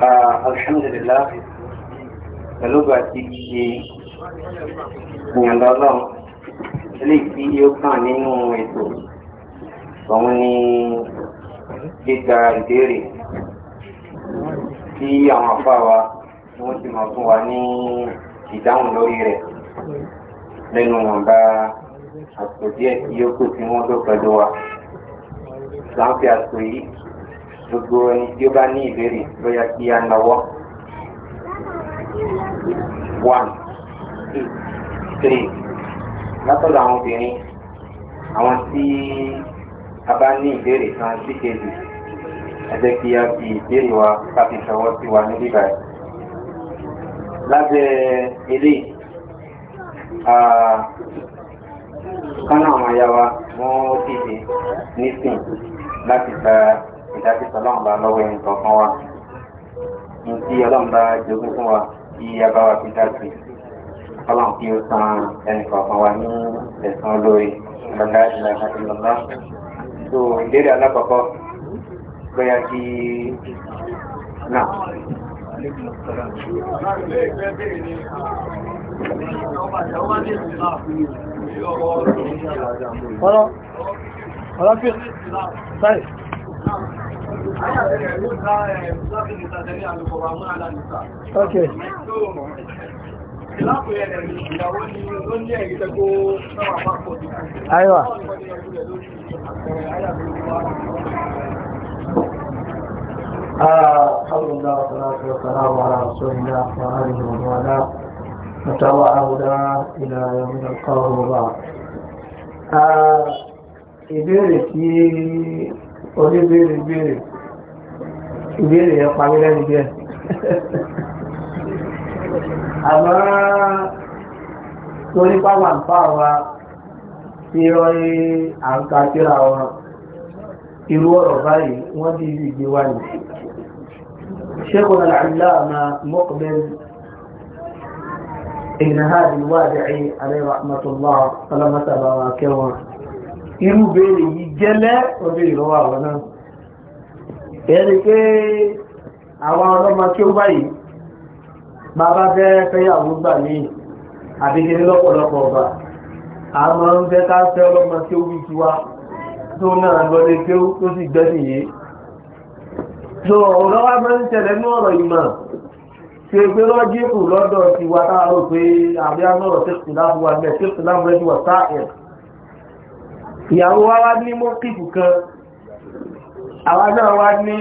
alhamdulillah pẹ̀lú bá ti ṣe ìyànlọ́ ọlọ́run eléyìí tí yóò kàn nínú ètò òun ni gbígba ìbéèrè tí àwọn afá wa ni wọ́n ti máa fún wa ní ìdáhùn lórí rẹ̀ lẹ́nu ìwọ̀nba àpò díẹ̀ tí yóò kù tí wọ́n tó pẹ̀lú wa láǹfẹ̀ àpò yìí gbogbo ẹni tí ó bá ní ìbéèrè lọ́yà kí á náwó. one two three látọ̀dọ̀ àwọn obìnrin àwọn tí a bá ní ìbéèrè kan sí kejì ẹ jẹ́ kí a fi ìbéèrè wa káfí ṣọwọ́ sí wa níbí báyìí. lábẹ́ ilé kánà àwọn ayáwa wọ́n dìde nísìn láti gba ìdájí sọlọ́run bá lọ́wọ́ ẹni kọ̀ọ̀kan wa ní tí ọlọ́run bá jogún fún wa kí a bá wa fi dájú ọlọ́run kí ó san ẹni kọ̀ọ̀kan wa ní ẹ̀sán olóore ìgbàgbá ìlànà ìlànà tó ìbéèrè Okay. Aywa. الحمد لله والصلاة والسلام على رسول الله وآله ومن والاه وتبع هداه إلى يوم القيامة وبعد. ìbéèrè tí oníbéèrè béèrè ìbéèrè yẹn pa mí lẹ́nu díẹ̀ àmọ́ torí pápá ń fà wá tí wọ́n rí àǹkà síra wọn irú ọ̀rọ̀ báyìí wọ́n ti ìgbé wá ní ṣékùn al-allama muqbil ibn hadi al-wadi'i alayhi rahmatullah alamata bawa kẹwọn irú béèrè yìí gẹ́lẹ́ ọdún wọn náà ẹni pé àwọn ọlọ́mọ tí ó báyìí bàbá fẹ́ fẹ́yàwó gbà ní àbíkiri lọ́pọ̀lọpọ̀ ọba àmọ́ ń fẹ́ ká fẹ́ ọlọ́mọ tí ó wí ti wá tó náà lọlé pé ó sì gbẹ́sì yìí so ọ̀rọ̀ wa máa ń tẹ̀lé ní ọ̀rọ̀ ìmọ̀ ṣe pé lọ́jíkù lọ́dọ̀ ti wá táàrọ̀ pé àbíyánọ̀rọ̀ tẹ́kù láti wà mẹ́ tẹ́kù láti wà wá ní mọ́kìkù kan àwọn náà wá ní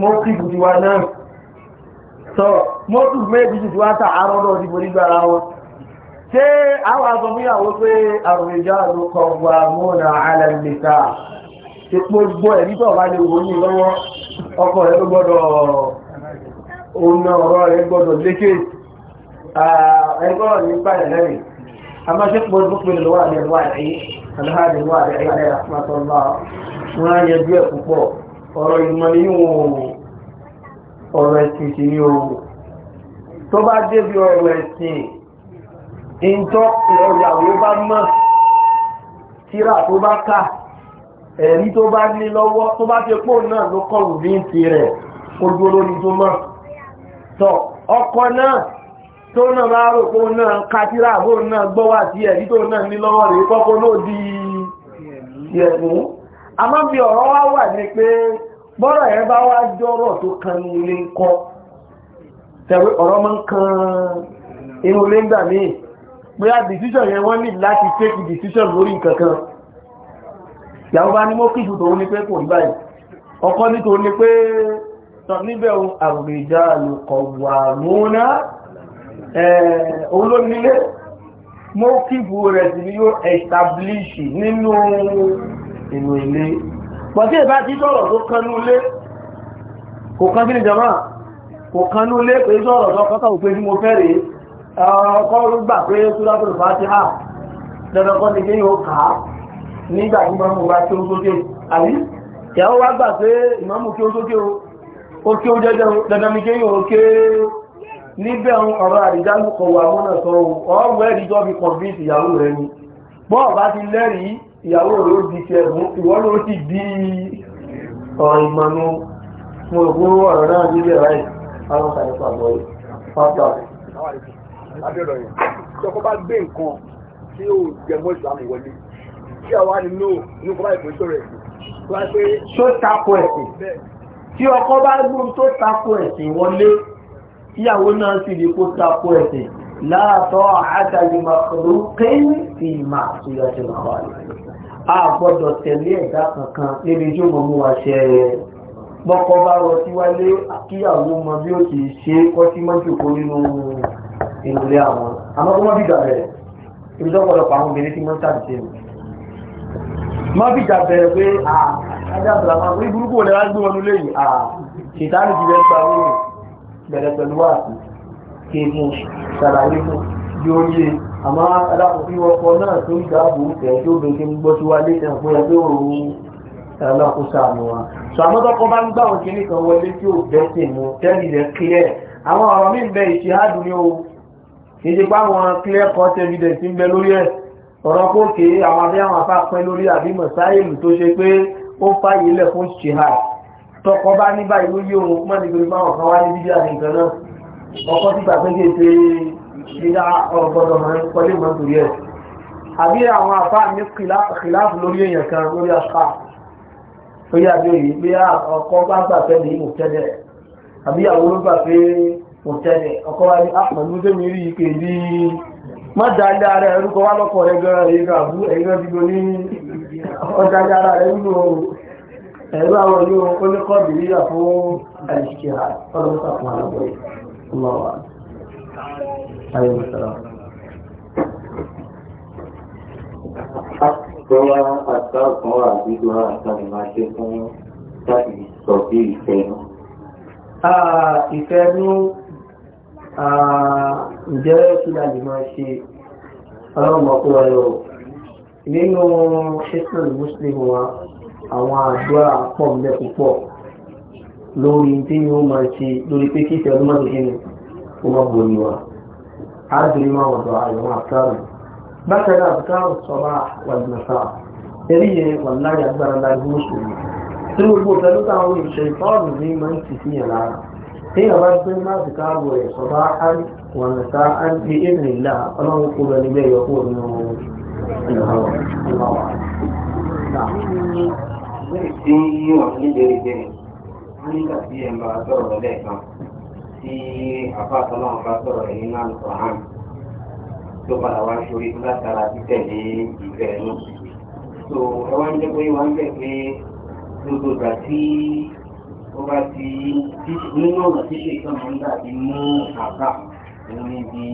mọ́kìtì ti wá náà sọ mọ́kìtì méjì ti wá tà àárọ́dọ̀ ti borí gbára wọn ṣé àwọn àgbọ̀míyàwó pé àrùn ìjà ló kọ wà mọ́nà alẹ́lẹ́ta ṣe pé gbọ́ ẹ̀rí tó bá lè wò ní lọ́wọ́ ọkọ rẹ̀ ló gbọ́dọ̀ ọ̀nà ọ̀rọ̀ rẹ̀ gbọ́dọ̀ lékè ẹgbọ́ ní pàdé lẹ́yìn àmọ́ ṣé pé gbọ́dọ̀ lọ́wọ́ àlẹ́ ìwà ẹ̀rí àlẹ́ ìwà ẹ̀rí àlẹ́ ìwà ẹ̀rí wọ́n á yẹ díẹ̀ púpọ̀ ọ̀rọ̀ ìmọ̀ ní wọn ọ̀rọ̀ ẹ̀sìn sí ní ohun tó bá débi ọ̀rọ̀ ẹ̀sìn ìjọ ìyàwó bá mọ̀ tíra tó bá kà ẹ̀rí tó bá ní lọ́wọ́ tó bá ti pò náà ló kọ̀rù bí ń ti rẹ̀ ojú olórí tó mọ̀ tọ̀ ọkọ náà tó náà bá rò pé náà kátírà bó náà gbọ́wà sí ẹ̀rí tó náà ní lọ́wọ́ rẹ̀ kọ́kọ́ náà di ẹ̀mú àmọ́ bí ọ̀rọ̀ wá wà ní pé bọ́rọ̀ yẹn bá wá jọ́rọ̀ tó kan ní ilé ń kọ́ tẹ̀wé ọ̀rọ̀ máa ń kan inú ilé ń gbà a decision yẹn wọ́n ní láti take decision lórí kankan ìyàwó bá ní mọ́ kìí tó ní pé kò ọkọ ní pé níbẹ̀ wà rẹ̀ inú ilé pọ̀tí ìbá ti sọ̀rọ̀ tó kánú ilé kò kán gíní jama kò kánú ilé pé sọ̀rọ̀ tó kọ́kọ́ òpé tí mo fẹ́rẹ̀ ọkọ̀ gbà pé súrábùrù bá ti hà dandankan ni kéyìn ó kà á nígbà tí mọ́mú wa kí ó sókè wa gbà pé ìmọ̀mú kí ó sókè o ọ̀rọ̀ àdìjálù kọ̀wà mọ́nà sọ ọ̀rọ̀ ẹ̀rí jọ́ fi kọ̀ǹfíìsì ìyàwó rẹ̀ ni bọ́ọ̀ bá ti lẹ́rìí ìyàwó rẹ̀ ó di tiẹ̀ mú ìwọ́n ló sì di ọ̀rọ̀ ìmọ̀nù mo rò fún ọ̀rọ̀ náà nílẹ̀ ráì àwọn ọ̀sán ìfọ̀ àgbọ̀ yìí pápá. abẹ́rọ̀ yẹn tí ọkọ bá gbé nǹkan tí ó jẹ mọ́ ìsìlámù wọlé tí àwa ni no inú kọ́ bá ìfòsọ́ rẹ̀ sí. tó náà sì lè kó tako ẹ̀sìn láàtọ̀ àtàlùmọ̀ kìí fi máa ṣùgbọ́n ṣe máa wà a gbọ́dọ̀ tẹ̀lé ẹ̀dá kankan níbi tí ó mọ̀ mú wa ṣe rẹ̀ bọ́kọ́ bá rọ sí wálé kíyàwó mọ bí ó ti ṣe kọ́ sí mọ́jòkó nínú ìrùlé àwọn àmọ́ kó má bìjà bẹ̀rẹ̀ ibi tó pọ̀lọpọ̀ àwọn obìnrin tí wọ́n sáà ṣe má bìjà bẹ̀rẹ̀ pé àájá àbúrámà orí burúkú olè wá gbé wọnú léyìí à ṣètánì ti bẹ́ẹ̀ gbà wọ́n bẹ̀rẹ̀ pẹ̀lú wà kí n ṣàlàyé fún yóò yé àmọ́ alákòókí ọkọ̀ náà tó ń dáàbò tẹ̀ tó bèèrè ń gbọ́ sí wa létẹ̀ fún ẹ pé òun alákòóso àmì wa sọ àmọ́ tọkọ bá ń gbà wọn kí nìkan wọlé tí ò bẹ́sẹ̀ mu tẹ́lì rẹ̀ clear àwọn ọ̀rọ̀ mi ń bẹ ìṣèhádùn ni o kì í ṣe pé àwọn clear cut evidence ń bẹ lórí ẹ̀ ọ̀rọ̀ kókè àwọn abẹ́ àwọn afá pẹ́ lórí àbí mọ̀sáìlù tó ṣe pé ó fàyè lẹ̀ fún ṣèhádùn tọkọ bá ní báyìí ló yé ṣíra ọ̀gbọ̀dọ̀ máa ń kọlé mọ́ torí ẹ̀ àbí àwọn àfá ní kìláàfù lórí èèyàn kan lórí àṣà lórí àbíòyì pé ah, ọkọ bá gbà pé ní mò tẹ́lẹ̀ àbí àwọn olóògbà pé mò tẹ́lẹ̀ ọkọ wa ní ah, àpọ̀lú tó mi rí ike bí má dáadáa ara ẹ̀ rúkọ wá lọ́kọ̀ rẹ̀ gan ẹ̀yìn kan àbú ẹ̀yìn kan dìbò ní ọjà ara rẹ̀ nínú ẹ̀rọ àwọn yóò oníkọ́bìrì àfún àìsíkè ọlọ́mọ́sàkùn àlọ́bọ̀ yìí. عليه السلام Bóyá àtàkùn wà nínú àtàrí máa ṣe fún láti sọ bí ìfẹ́nu. Ìfẹ́nu ǹjẹ́ kí la lè máa ṣe ọlọ́mọkú ọ̀rọ̀. Nínú ṣẹ́tìlì Mùsùlùmí wa, àwọn àdúrà pọ̀ ń bẹ púpọ̀ lórí tí yóò máa ṣe lórí pé kí ìfẹ́nu máa ṣe kí ni, ó bò ní wa. na-akpali ụe a e i ụ were a aaemere nle a nụwụkụe nibe ya ọkụrmụwụ tí àfàtọ́lọ́ ọba sọ̀rọ̀ rẹ̀ nínú àǹtọ̀ hàn tó padà wá sórí tó látara títẹ̀lé ìfẹ́ ẹnu. tó ẹ wá ń jẹ́ pé wọ́n ń bẹ̀ pé gbogbo ìgbà tí ó bá ti nínú ọ̀nà tí ṣe ìtọ́ máa ń gbà bí mú àbá òun níbi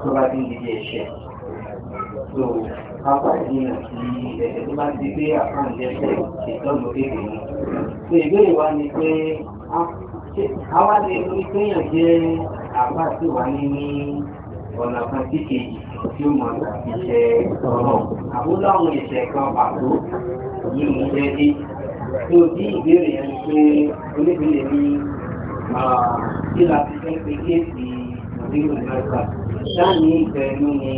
tó bá ti ń di ẹ̀ṣẹ̀. tó pápá ìdíyàn sí ẹ̀ṣẹ̀ tó bá ti gbé àkáǹtì ẹ̀ṣẹ̀ ìtọ́jú kékeré. tó ìbéèrè wa ni pé ah, àwa lè rí kéèyàn jẹ́ àbá tí wà ní ọ̀nà kan tí kejì tí ó mọ̀ láti ṣe ọ̀rọ̀ àbúlọ àwọn ìṣẹ̀ kan pàtó yìí ń jẹ́ dé tó bí ìbéèrè yẹn pé oníbìlẹ̀ ní kí la ti fẹ́ pé kéèsì ìdílé mẹ́ta sáàní ìfẹ́nu ni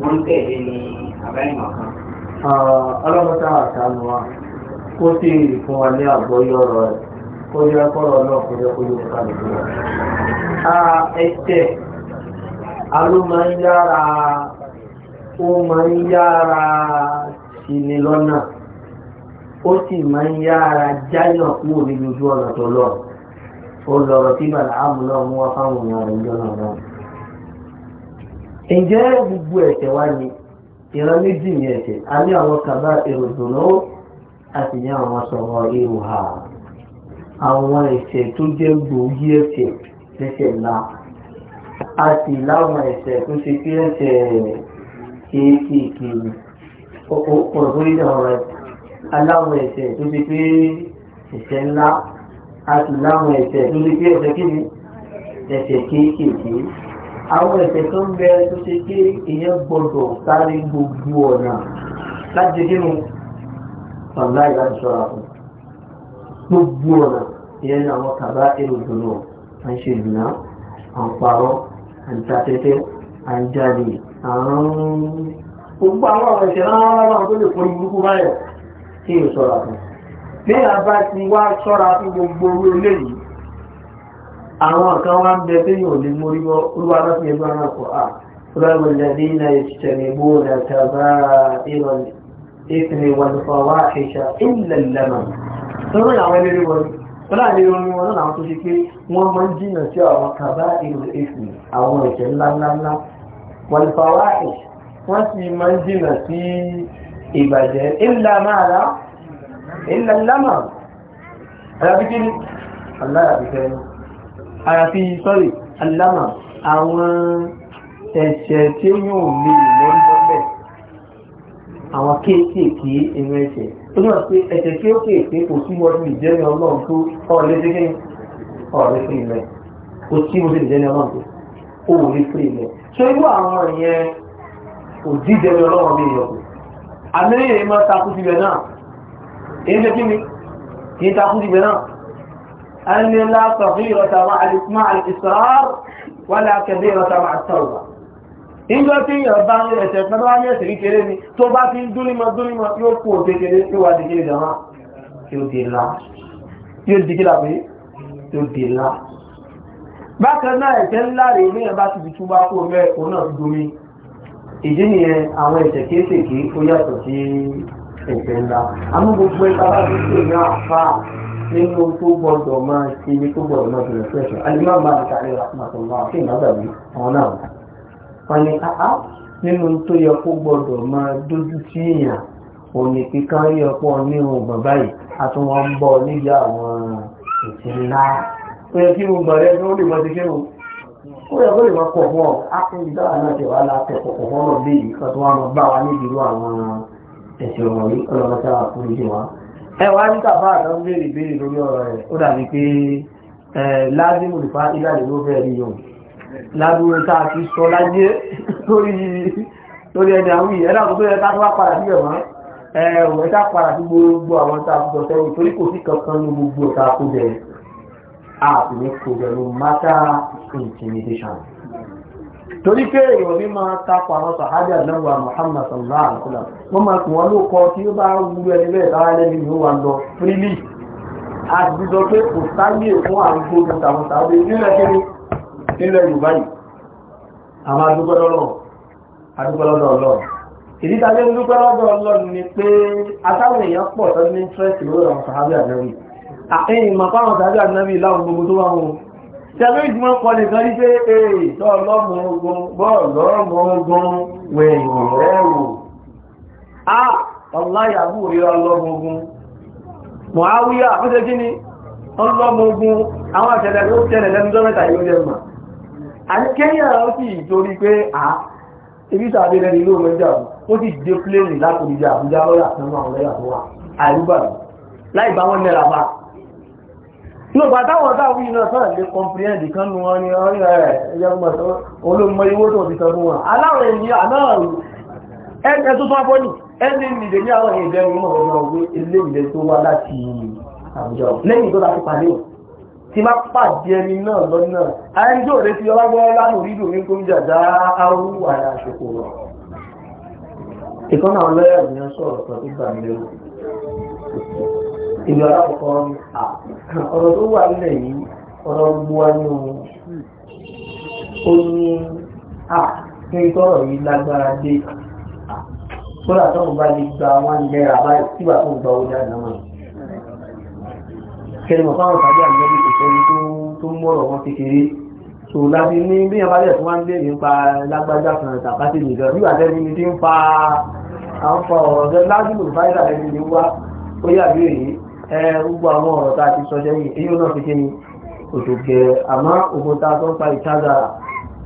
wọ́n tẹ̀lé ní àbáyìmọ̀ kan. ọlọ́pàá àtàlùwà kó sì fún wa ní àgbọ́yọ̀rọ̀ rẹ̀ kó jẹ́ kọ́rọ̀ náà kó jẹ́ kó yóò fún kálukú wọn. ẹ̀tẹ̀ aló máa ń yára ó máa ń yára síni lọ́nà ó sì máa ń yára jáyàn kúrò níbi ojú ọ̀nà tó lọ ó lọ̀rọ̀ tí bàlá àmú náà mú wá fáwọn èèyàn rẹ̀ ìjọ náà ǹjẹ́ gbogbo ẹ̀ṣẹ̀ wá ni ìran méjì ní ẹ̀ṣẹ̀ a ní àwọn kàbá èrò dùnú àti ní àwọn sọ̀rọ̀ ìhùhà àwọn ẹ̀ṣẹ̀ tó jẹ́ gbòógì ẹ̀ṣẹ̀ lẹ́ṣẹ̀ ńlá a sì láwọn ẹ̀ṣẹ̀ tó ṣe pé ẹ̀ṣẹ̀ kéékèèké ọ̀rọ̀ tó yíjà ọ̀rọ̀ aláwọn ẹ̀ṣẹ̀ tó ṣe pé ẹ̀ṣẹ̀ ńlá a sì láwọn ẹ̀ṣẹ̀ tó ṣe pé ẹ̀ṣẹ̀ kéde ẹ̀ṣẹ̀ kéékèèké àwọn ẹ̀ṣẹ̀ tó ń bẹ tó ṣe pé èèyàn gbọdọ̀ sáré gbogbo ọ̀nà láti ṣe kí ni ọ̀nà ìlànà ìṣọ́ra fún un. gbogbo ọ̀nà ìyẹn ní àwọn kàbá èrò ìdùnnú à ń ṣe ìdùnnà à ń parọ́ à ń ta tẹ́tẹ́ à ń jáde à ń gbogbo àwọn ọ̀rọ̀ ìṣẹ̀lẹ̀ rárá tó lè kó ìbúkú báyọ̀ tí èèyàn sọ̀rọ̀ fún. bí a bá ti wá sọ́ra fún gbogbo owó eléyìí àwọn kan wá ń bẹ pé yóò lè mórí bọ́ olúwa lọ́sìn ẹgbẹ́ náà kọ́ à olùwàgbọ̀n ìdàdí iná ìṣẹ̀lẹ̀ bó na kàbá ìrọ̀lẹ́ ìfìnìwọ̀n fọwọ́ àṣẹṣà ìlẹ̀lẹ́mọ̀ tọ́rọ àwọn eléré wọn tọ́lá ilé orin wọn náà tó ṣe pé wọ́n máa ń jìnà sí àwọn kàbá èrò èsì àwọn ẹ̀jẹ̀ ńláńláńlá wàlùfàwà ẹ̀ wọ́n sì máa ń jìnà sí ìbàjẹ́ ìlàmáàlá ìlàlámà alábíkí ni aláàbíkẹ́ ni àyàfi sọ́rí alámà àwọn ẹ̀ṣẹ̀ tí ó yóò lè lọ́ńdọ́bẹ̀ àwọn kéékèèké ẹ̀rọ ẹ̀ṣẹ̀ ó náà pé ẹ̀jẹ̀ kí ó kéèké kò sí wọ́n ìjẹ́ni ọlọ́run tó ọ̀lẹ́dẹ́gẹ́ ọ̀rẹ́ fún ilẹ̀ kò sí wọ́n ìjẹ́ni ọlọ́run tó ó wọlé fún ilẹ̀ ṣé irú àwọn ìyẹn kò díjẹni ọlọ́run bí ìyọkù àmẹ́yẹ máa takú síbẹ̀ náà èyí ṣe kí ni kì í takú síbẹ̀ náà ẹni látọ̀ fún ìrọ̀tà máa àlìsímáà wálé akẹ́bí ìrọ̀tà máa níjọ́ tí èèyàn bá ń ẹsẹ̀ kan tó bá ní ẹsẹ̀ kékeré ni tó bá ti ń dúnímọ̀ dúnímọ̀ yóò kú òkékeré tí wà dìkiri dàmá yóò di ńlá yóò dìkiri àbí yóò di ńlá bákan náà ẹsẹ̀ ńlá rèé ní ẹ̀bá ti tutù bá kó mẹ́ òun náà domi ìdí nìyẹn àwọn ẹsẹ̀ kéékèèké ó yàtọ̀ sí ẹsẹ̀ ńlá àmọ́ gbogbo ẹ̀ka bá ti tó ní àfa nínú tó gbọdọ̀ máa ṣe tó gbọdọ̀ máa bẹ̀rẹ̀ fẹ́ṣọ̀ wọ́n ní áá nínú tó yẹ kó gbọ́dọ̀ máa dójú tí èèyàn òní kíkan rí ọpọ́ ní ohun bàbá yìí a tún wọ́n ń bọ́ níbi àwọn ètò ńlá ó yẹ kí mo gbà rẹ tó lè mọ ti kírun ó yẹ kó lè máa pọ̀ fún ọ ákùnrin dára náà ti wà látẹ̀ pọ̀pọ̀ fún ọ̀nà bíi kan tó wà máa bá wa níbi irú àwọn ẹ̀sìn ọ̀rọ̀ yìí fún ìdí wa. ẹ wá ní kàfá àtàwọn béèrè béèrè lórí ọ̀rọ̀ rẹ̀ ó dàbí pé láàbí mùlùfá ìlànà ló fẹ́ rí yòó lábúrò tá a ti sọ láyé lórí ẹni àwọn ìyẹn náà tó yẹ ká tó wá padà síbẹ̀ mọ́ ẹ̀rù ẹ̀ta padà sí gbogbo àwọn tá a ti sọ sẹ́yìn torí kò sí kankan ní gbogbo ọ̀tá kó bẹ̀rẹ̀ àti ní kò bẹ̀rẹ̀ no intimidation torí pé èèyàn ní máa tapọ̀ àwọn sàhábì àdánwò Muhammad sallallahu alaihi wasallam wọ́n máa kùn wọ́n ló kọ tí ó bá wúrú ẹni bẹ́ẹ̀ sára lẹ́ni ìlú wa lọ frílì àti sọ pé kò sáyé fún àwọn gbogbo tàwọn tàwọn ilé ẹgbẹ́ nílẹ̀ yorùbá yìí àwọn adúgbọ́lọ́lọ́ adúgbọ́lọ́dọ̀ ọlọ́run ìdí tàbí adúgbọ́lọ́dọ̀ ọlọ́run ni pé atáwọn èèyàn pọ̀ tọ́jú ní interest lórí àwọn sàhábì ànábì àtẹ́yìn mọ̀ fáwọn sàhábì ànábì láwọn gbogbo tó wà wọn tẹ̀lé ìgbìmọ̀ kọ nìkan ní pé èyí tọ́ ọlọ́mọ ogun bọ́ọ̀lọ́mọ ogun wẹ̀yìn rọrùn a ọláyàwó rí ọlọ́mọ ó ṣe kí ni ọlọ́mọ àwọn àṣẹlẹ̀ ló tẹ̀lẹ̀ lẹ́nu àkẹ́yà ó sì torí pé à ibi sàbẹ̀ lẹ́ni ló rẹ̀ jà ó sì dé pléènì láti ìjà àbújá lọ́yà kan náà lọ́yà tó wà àìrúbàdàn láì bá wọn nẹ́ra bá ló bá táwọn táwọn iná sọ́rọ̀ lè kọmpiríẹ́ndì kan nù wọn ni ọ̀rẹ́ ẹ̀ ẹ̀yẹ́gbọ̀n olóòmọ iwó tó ti sọ fún wọn aláwọ̀ ènìyàn náà ẹgbẹ́ tó tán fọ́nì ẹni nìdè ní àwọn ìdẹ́rùn mọ̀ ọ̀rọ̀ ọgbẹ́ ilé ìlẹ́ tó wá láti àwùjọ lẹ́yìn tó láti pàdé wọn tí má pàdé ẹni náà lọ́nà ayẹyẹ yóò retí ọlágbọ́n lánàá orídùn ní kó ń jàdá áwú àyà àṣòkò rọ̀ ìkọ́nà ọlọ́yà ni wọ́n sọ̀rọ̀ kan tó gbà mí o ìlú alákọ̀ọ́ ọ̀rọ̀ tó wà nílẹ̀ yìí ọ̀rọ̀ gbogbo wa ní ohun ó ní à ní ìtọ́rọ̀ yìí lágbára dé kódà tó ń bá lè gba wọn lẹ́ra báyìí tí wàá tó ń gba ó dáadáa náà kẹrìmọ̀ fáwọn tàbí àjọbí kò sẹ́ni tó mọ̀rọ̀ wọn kékeré so láti ní bí yẹn bá dẹ̀ fún wa ń bèèrè nípa lágbájá kan tàbátì nìkan bí wàá tẹ́lẹ̀ ní ti ń fa àwọn fa ọ̀rọ̀ tẹ́ lásìkò fáìlà ẹni ní wá ó yà bí èyí ẹ gbogbo àwọn ọ̀rọ̀ tá a ti sọ sẹ́yìn èyí náà fi kéyìn òtò gẹ̀ àmọ́ ogun ta tó ń fa ìtajà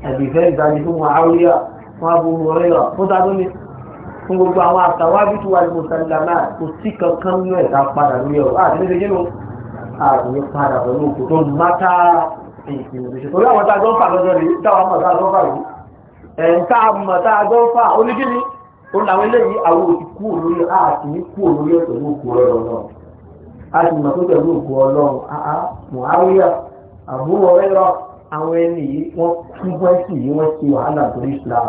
àdìfẹ́ ìdájí fún wọn gbogbo àwọn àtàwájú tó wà ní mọ̀sálàmà kò sí kankan mẹ́ta padà lórí ọ̀rọ̀ àti ha ní padà tó mátá ìpìlẹ̀ torí àwọn a gọ́fà lọ́jọ́ rí táwọn mọ̀ tá a rí ẹ̀ ń ó eléyìí àwọn àti ọlọ́run náà a sì mọ̀ òkú ọlọ́run àá àbúrò ẹ̀rọ àwọn ẹni yìí wọ́n kú wọ́n wàhálà torí Islam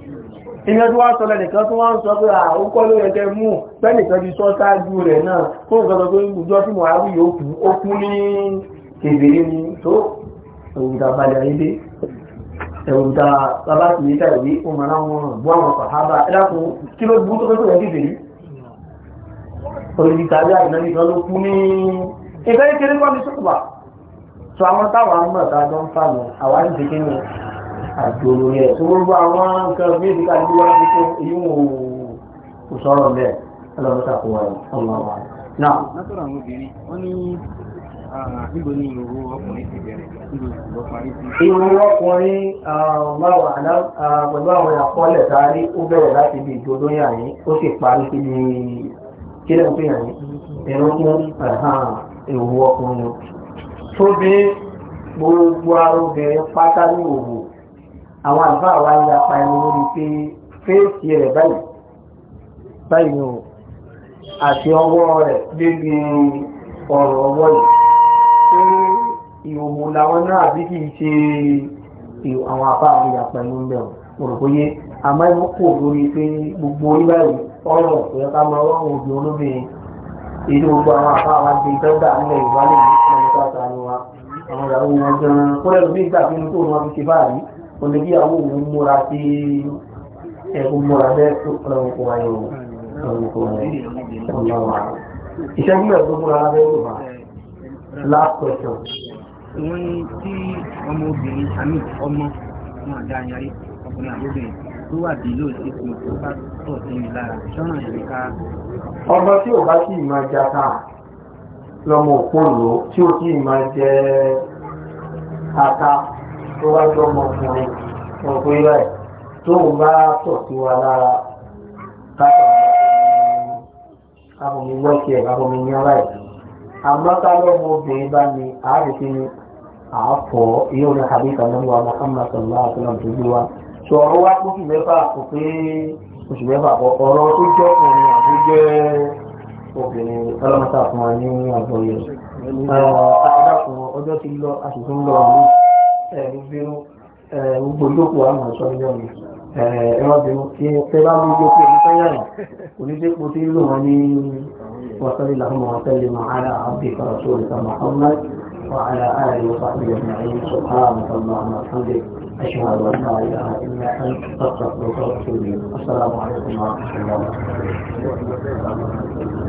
ìyẹn tó wá sọ lẹ́nìkan tó wá ń sọ pé àwọn kọ́ ló yẹ̀kẹ́ mú pẹ́nìkan ti sọ sáájú rẹ̀ náà tó ń sọ pé ìgbùjọ́ tí mo ráwí yóò kú ó kú ní kèbèrè ni tó òwúta balẹ̀ ayébé ẹ̀wùta bàbá sì yíká ìwé ó mọ̀ láwọn bú àwọn pàhábà ẹ̀dàkùn kí ló bú tó tó yẹ kèbèrè olùdíkà bí àìná nìkan ló kú ní ìfẹ́ kékeré kọ́ ní sọ́kùbà sọ àwọn táwọn a jọ ń fà àdúró yẹ tó gbogbo àwọn nǹkan bí ìdíkà bí wọ́n ti tó èyí wò ó sọ̀rọ̀ bẹ́ẹ̀ ọlọ́mọta kò wáyé ọlọ́wà náà. látọ̀rọ̀ àwọn obìnrin wọ́n ní níbo ni ìrò ọkùnrin ti bẹ̀rẹ̀ níbo ìrò parí sí. ìrò ọkùnrin báwo àná pẹ̀lú àwọn àkọọ́lẹ̀ tá a rí ó bẹ̀rẹ̀ láti ibi ìdodo yàn yín ó sì parí sí ibi kílẹ̀ ń pè yàn yín ẹ̀rọ fún ìrò ọkùnrin. tó bí gbogbo ara pátá ní òwò àwọn àlùfáà wa ń yapa ẹni lórí pé fèsì rẹ̀ báyìí báyìí o àti ọwọ́ rẹ̀ débi ọ̀rọ̀ ọwọ́ yìí pé ìhòòhò làwọn náà bí kì í ṣe àwọn àfáà ń yapa ẹni ń bẹ̀rù òròkóyé àmọ́ ẹ̀mú kò lórí pé gbogbo oníbàyìí ọ̀rọ̀ òyà ká máa wá àwọn obìnrin olóbìnrin èyí gbogbo àwọn àfáà wa ti dọ́gba nílẹ̀ ìwálẹ̀ yìí fún ẹni tó àtàlù wa àwọn ìyàwó wọn gan-an kó lẹ́nu bí ìgbà pinnu tó wọn fi ṣe báyìí òní bí àwọn òun múra sí ẹ̀kún múra bẹ́ẹ̀ tó ọlọ́run kó wáyé o ọlọ́run kó wáyé ọlọ́run wáyé. ìṣẹ́jú ẹ̀ tó múra lábẹ́ yóò bá last question. wọ́n ní tí ọmọ obìnrin àmì ọmọ wọn àdá ayáyé ọkùnrin àbóbìnrin tó wà bí ló ṣe fún tó bá tọ̀ sí mi lára ṣọ́nà ìrìnká. ọmọ tí ò bá sì máa jata lọmọ òpónlò tí ó sì máa jẹ ata tó wá jọ ọmọkùnrin wọn kò yíra ẹ̀ tóun bá tọ̀ sí wa lára káfọ̀mí wọ́ọ̀kẹ́ káfọ̀mí yánra ẹ̀ àmọ́ ká lọ́mọ obìnrin bá ní àárẹ̀kí ni àápọ̀ yóò ní àbí ìtànàmọ́ Muhammad sallallahu alaihi wasallam tó gbé wa sọ̀rọ̀ wá kókì mẹ́fà kò pé oṣù mẹ́fà bọ̀ ọ̀rọ̀ tó jẹ́ ọkùnrin àti jẹ́ obìnrin ọlọ́mọta fún wa ní àjọ yẹn. ọjọ́ ti lọ àṣìṣe lọ àmì ẹ̀rú bírú gbogbo ìjókòó àwọn ọ̀ṣọ́ níjọ́ mi ẹ̀rọ bínú kí ẹ bá mú ìjókòó ẹni sẹ́yà rẹ̀ oníṣẹ́pọ̀ tí lò wọ́n ní wàsálì làwọn wàsálì mọ̀ ara àbí kọ̀ọ̀ṣọ́ òrìṣà Muhammad وعلى آله وصحبه أجمعين سبحانك اللهم وبحمدك أشهد أن لا إله إلا أنت أستغفرك وأتوب إليك السلام عليكم ورحمة الله وبركاته